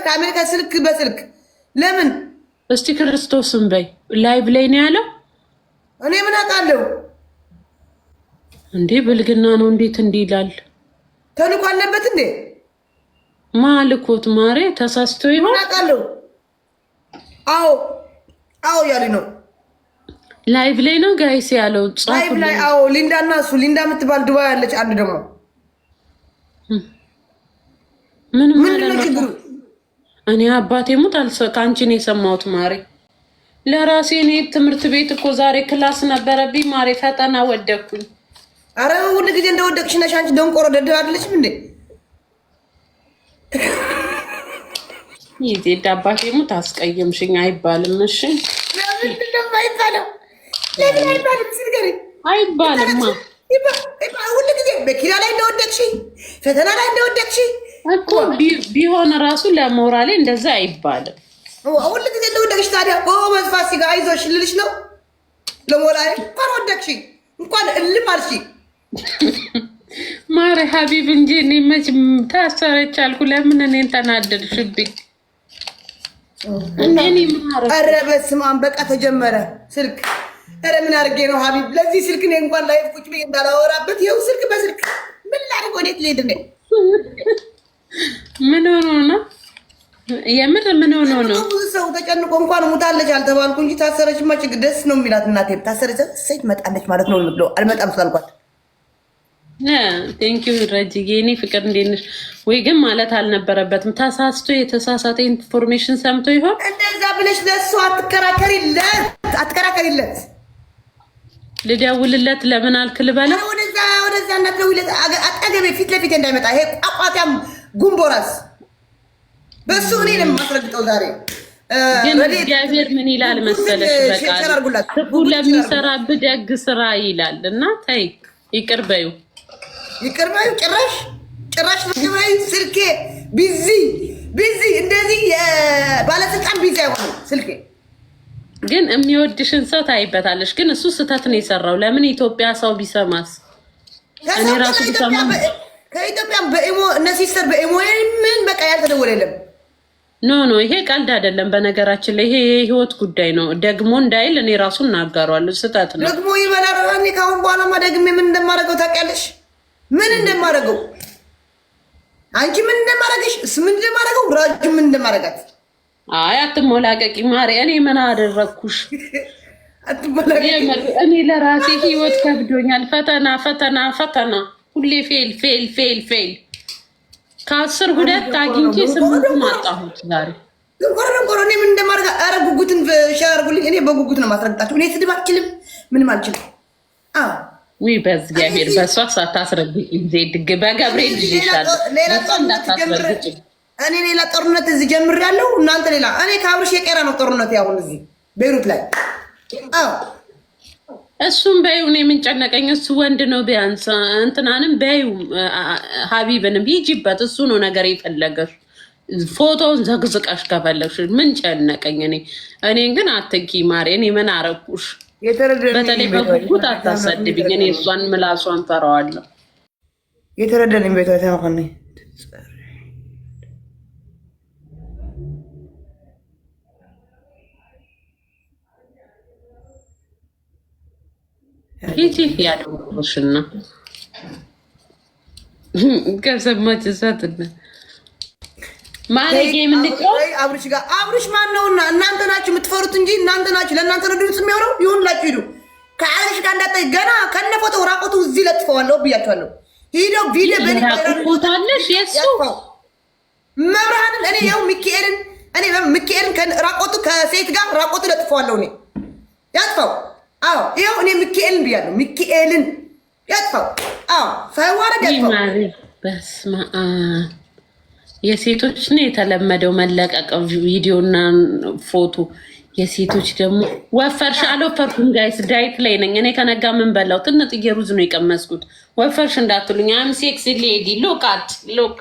ከቻልክ አሜሪካ ስልክ በስልክ ለምን እስቲ ክርስቶስን በይ። ላይቭ ላይ ነው ያለው። እኔ ምን አውቃለሁ እንዴ? ብልግና ነው። እንዴት እንዲህ ይላል? ተልኮ አለበት እንዴ? ማልኮት ማሬ ተሳስቶ ይሆን ምን አውቃለሁ። አዎ አዎ እያሉ ነው። ላይቭ ላይ ነው ጋይስ ያለው። ላይቭ ላይ አዎ። ሊንዳ እና እሱ ሊንዳ የምትባል ዱባይ ያለች አንድ ደግሞ ምንድን ነው ችግሩ? እኔ አባቴ ሙት ከአንቺ ነው የሰማሁት ማሬ። ለራሴ እኔ ትምህርት ቤት እኮ ዛሬ ክላስ ነበረብኝ ማሬ፣ ፈጠና ወደኩኝ። አረ ሁሉ ጊዜ እንደወደቅሽ ነሽ አንቺ። ደንቆሮ ደደብ አይደለሽም እንዴ? የዜድ አባቴ ሙት አስቀየምሽኝ። አይባልም። እሺ አይባልም? ሁሉ ጊዜ መኪና ላይ እንደወደቅሽ፣ ፈተና ላይ እንደወደቅሽ እኮ ቢሆን ራሱ ለሞራሌ እንደዛ አይባልም። ሁሉ ጊዜ እንደወደቅሽ ታዲያ ጎበዝ ሲጋ አይዞሽ ልልሽ ነው። ለሞራሌ እንኳን ወደቅሽ እንኳን እልም አልሽ ማሪ ሀቢብ እንጂ እኔ መች ታሰረች አልኩ። ለምን እኔን ተናደድሽብኝ? ኧረ በስመ አብ በቃ ተጀመረ ስልክ። ኧረ ምን አድርጌ ነው ሀቢብ ለዚህ ስልክ እኔ እንኳን ላይ ቁጭ ብዬ እንዳላወራበት ይኸው ስልክ በስልክ ምን ላድርግ? ወዴት ልሄድ ነው? ምን ሆኖ ነው? የምር ምን ሆኖ ነው? ሰው ተጨንቆ እንኳን ሙታለች አልተባልኩ እንጂ ችግር ደስ ነው የሚላት እናቴ ታሰረች ሴት መጣለች ማለት ነው አልመጣም ስላልኳት ረጅዬ፣ ፍቅር እንዴት ነሽ? ወይ ግን ማለት አልነበረበትም። ተሳስቶ የተሳሳተ ኢንፎርሜሽን ሰምቶ ይሆን እንደዛ ብለሽ ለሱ አትከራከሪለት፣ አትከራከሪለት። ልደውልለት ለምን አልክል ወደዛ ወደዛ እናትለውለት አጠገቤ ፊት ለፊት እንዳይመጣ ይሄ ቋቋጣም ጉንቦራስ በሱ እኔ ነው የማስረግጠው ዛሬ ግን እግዚአብሔር ምን ይላል መሰለሽ፣ በቃ ክፉ ደግ ስራ ይላል። እና ተይ ይቅር በዩ ይቅር በዩ ጭራሽ ጭራሽ ላይ ስልኬ ቢዚ ቢዚ እንደዚህ ባለስልጣን ቢዚ አይሆንም ስልኬ። ግን የሚወድሽን ሰው ታይበታለሽ። ግን እሱ ስህተት ነው የሰራው። ለምን ኢትዮጵያ ሰው ቢሰማስ እኔ ራሱ ቢሰማ ከኢትዮጵያ በኢሞ እነ ሲስተር በኢሞ ምን በቃ ያልተደወለ የለም። ኖ ኖ ይሄ ቀልድ አይደለም። በነገራችን ላይ ይሄ የህይወት ጉዳይ ነው። ደግሞ እንዳይል እኔ ራሱ እናጋሯለሁ። ስህተት ነው ደግሞ ይበላል። እኔ ከአሁን በኋላማ ደግሜ ምን እንደማደርገው ታውቂያለሽ? ምን እንደማደርገው አንቺ ምን እንደማደርገሽ እሱ ምን እንደማደርገው ራጅ ምን እንደማደርጋት። አይ አትሞላቀቂ ማሪ። እኔ ምን አደረግኩሽ? እኔ ለራሴ ህይወት ከብዶኛል። ፈተና ፈተና ፈተና ሁሌ ፌል ፌል ፌል ፌል ከአስር ሁለት አግኝቼ ስምንት ማጣሁት ዛሬ ጎረ ጎረ እኔ ምን እንደማድረግ ኧረ ጉጉትን ሸርጉልኝ። እኔ በጉጉት ነው ማስረግጣቸው። እኔ ስድብ አልችልም፣ ምንም አልችልም። ዊ ውይ በእግዚአብሔር በእሷ ሳታስረግጭኝ ዜድግ በገብርኤል ይሻል እንዳታስረግጭኝ። እኔ ሌላ ጦርነት እዚህ ያለው እናንተ ሌላ። እኔ ከአብርሽ የቀረ ነው ጦርነት ያሁን እዚህ ቤይሩት ላይ አዎ እሱም በይው ነው የምንጨነቀኝ። እሱ ወንድ ነው። ቢያንስ እንትናንም በይው ሀቢብንም ሂጂበት። እሱ ነው ነገር የፈለገሽ ፎቶውን ዘግዝቀሽ ከፈለግሽ ምን ጨነቀኝ። እኔ እኔን ግን አትንኪ ማሬ። እኔ ምን አረኩሽ? በተለይ በጉጉት አታሰድብኝ። እኔ እሷን ምላሷን ፈራዋለሁ። የተረደን ቤቷ ሂጂ ያደሽና ከሰማች እሳትና ማለጌ አብርሽ ጋር አብርሽ ማን ነውና እናንተ ናችሁ የምትፈሩት እንጂ እናንተ ናችሁ ለእናንተ ነው ድምፅ የሚሆነው። ይሁንላችሁ ሂዱ ከአብርሽ ጋር እንዳታይ ገና ከነ ፎቶው ራቆቱ እዚህ ለጥፈዋለሁ ብያቸዋለሁ። ሂደው ቪዲዮ በቦታለሽ የሱ መብርሃንን እኔ ያው ሚካኤልን እኔ ሚካኤልን ራቆቱ ከሴት ጋር ራቆቱ ለጥፈዋለሁ እኔ ያጥፋው አዎ ይኸው እኔ ሚካኤልን ብያለሁ። ሚካኤልን ያጥፋው። አዎ ሳይዋረድ ያጥፋው። በስመ አብ የሴቶች ነው የተለመደው መለቀቅ ቪዲዮና ፎቶ የሴቶች ደግሞ ወፈርሽ አልወፈርኩም። ጋይስ ዳይት ላይ ነኝ እኔ ከነጋ ምን በላው ትንጥዬ እየሩዝ ነው የቀመስኩት። ወፈርሽ እንዳትሉኝ። አም ሴክስ ሌዲ ሎክ አት ሎክ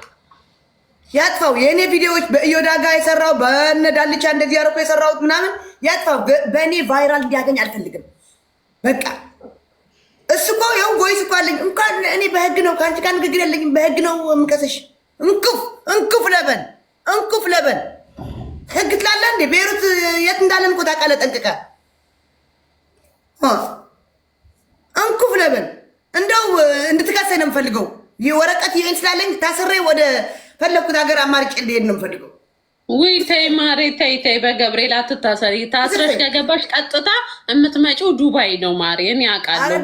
ያጥፋው። የእኔ ቪዲዮዎች በኢዮዳ ጋ የሰራው በነዳልቻ እንደዚህ ያረኩ የሰራሁት ምናምን ያጥፋው። በእኔ ቫይራል እንዲያገኝ አልፈልግም። በቃ እሱ እኮ ያው ቮይስ እኮ አለኝ። እንኳን እኔ በህግ ነው ከአንቺ ጋር ንግግር የለኝም በህግ ነው የምቀሰሽ። እንኩፍ እንኩፍ ለበን እንኩፍ ለበን ህግ ትላለ እንዴ? ቤሩት የት እንዳለን እኮ ታውቃለህ ጠንቅቀህ። እንኩፍ ለበን እንደው እንድትከሰኝ ነው የምፈልገው። ወረቀት ይሄን ስላለኝ ታስሬ ወደ ፈለግኩት ሀገር አማርጭ ልሄድ ነው የምፈልገው። ውይ ተይ ማሬ ተይ ተይ፣ በገብርኤል አትታሰሪ። ታስረሽ ከገባሽ ቀጥታ የምትመጪው ዱባይ ነው ማሬ። እኔ አውቃለሁ።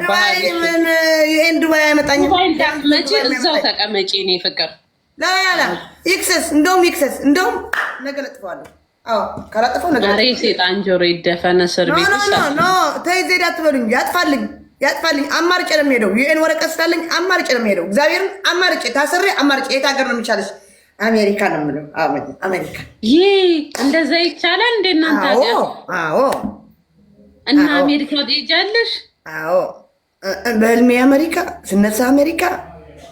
ይህን ዱባይ አይመጣኝም። እንዳትመጪ እዛው ተቀመጪ። እኔ ፍቅር ላላ ይክሰስ፣ እንደውም ይክሰስ፣ እንደውም ነገ ለጥፈዋለሁ። አዎ ካላጥፈው ነገ ማሬ፣ ሴጣን ጆሮ ይደፈን እስር ቤት። ተይ ዜድ አትበሉኝ። ያጥፋልኝ ያጥፋልኝ አማርጬ ነው የምሄደው። ዩኤን ወረቀት ስላለኝ አማርጬ ነው የምሄደው። እግዚአብሔርን አማርጬ ታስሬ አማርጬ የት ሀገር ነው የሚቻለች? አሜሪካ ነው የምለው። አሜሪካ ይህ እንደዛ ይቻላል እንደ እናንተ ሀገር? አዎ። እና አሜሪካ ትሄጃለሽ? አዎ። በህልሜ አሜሪካ ስነሳ አሜሪካ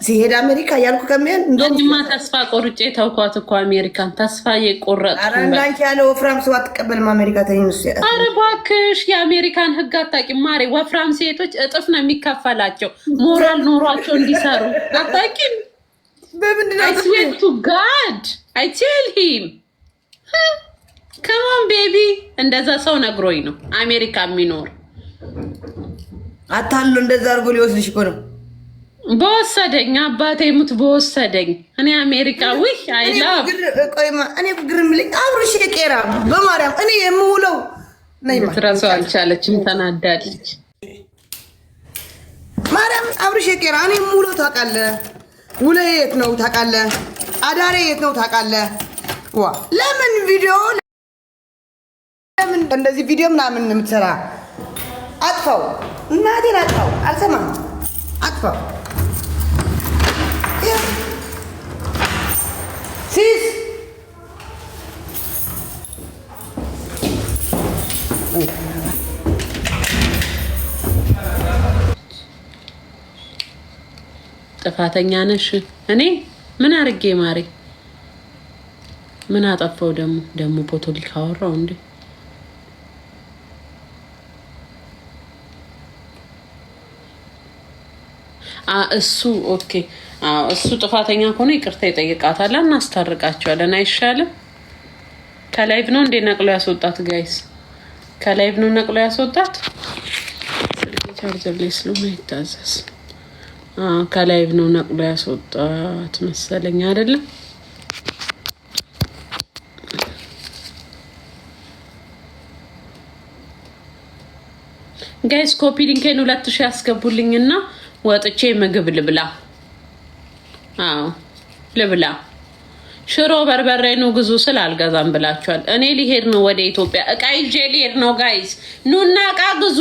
ሲሄድ አሜሪካ እያልኩ ከሚሄድ እንደማ ተስፋ ቆርጬ ተውኳት እኮ አሜሪካን ተስፋ የቆረጥ እንዳንቺ ያለ ወፍራም ሰው አትቀበልም አሜሪካ ተኝስ። አረ እባክሽ የአሜሪካን ህግ አታውቂም ማሬ። ወፍራም ሴቶች እጥፍ ነው የሚከፈላቸው ሞራል ኖሯቸው እንዲሰሩ አታውቂም ቱ ጋድ አይ ቴል ሂም ከማን ቤቢ እንደዛ ሰው ነግሮኝ ነው። አሜሪካ የሚኖር አታሎ እንደዛ አድርጎ ሊወስድሽ እኮ ነው። በወሰደኝ አባቴ ሙት በወሰደኝ። እኔ አሜሪካ ውይ አይላም እኔ ግር የሚለኝ አብርሽ የቄራ በማርያም እኔ የምውለው ትረሳው አልቻለችም። ተናዳለች ማርያም አብርሽ የቄራ እኔ የምውለው ታውቃለህ ውለዬ የት ነው ታውቃለህ? አዳሬ የት ነው ታውቃለህ? ዋ ለምን ቪዲዮ ለምን እንደዚህ ቪዲዮ ምናምን የምትሰራ አጥፋው፣ እናቴን አጥፋው፣ አልሰማም፣ አጥፋው ሲስ Oh. ጥፋተኛ ነሽ። እኔ ምን አርጌ ማሬ? ምን አጠፋው? ደግሞ ደግሞ ፖቶሊክ አወራው እንዴ? እሱ ኦኬ፣ እሱ ጥፋተኛ ከሆነ ይቅርታ ይጠይቃታል፣ እናስታርቃቸዋለን። አይሻልም? ከላይቭ ነው እንዴ ነቅሎ ያስወጣት? ጋይስ ከላይቭ ነው ነቅሎ ያስወጣት። ስልክ ቻርጀር ላይ ስለሆነ አይታዘዝ ከላይቭ ነው ነቅሎ ያስወጣት መሰለኝ አይደለም። ጋይስ ኮፒ ሊንኬን ሁለት ሺህ እና ወጥቼ ምግብ ልብላ። አዎ ልብላ። ሽሮ በርበሬ ነው ግዙ ስል አልገዛም ብላችኋል። እኔ ሊሄድ ነው ወደ ኢትዮጵያ። እቃ ይዤ ሊሄድ ነው ጋይስ፣ ኑና እቃ ግዙ።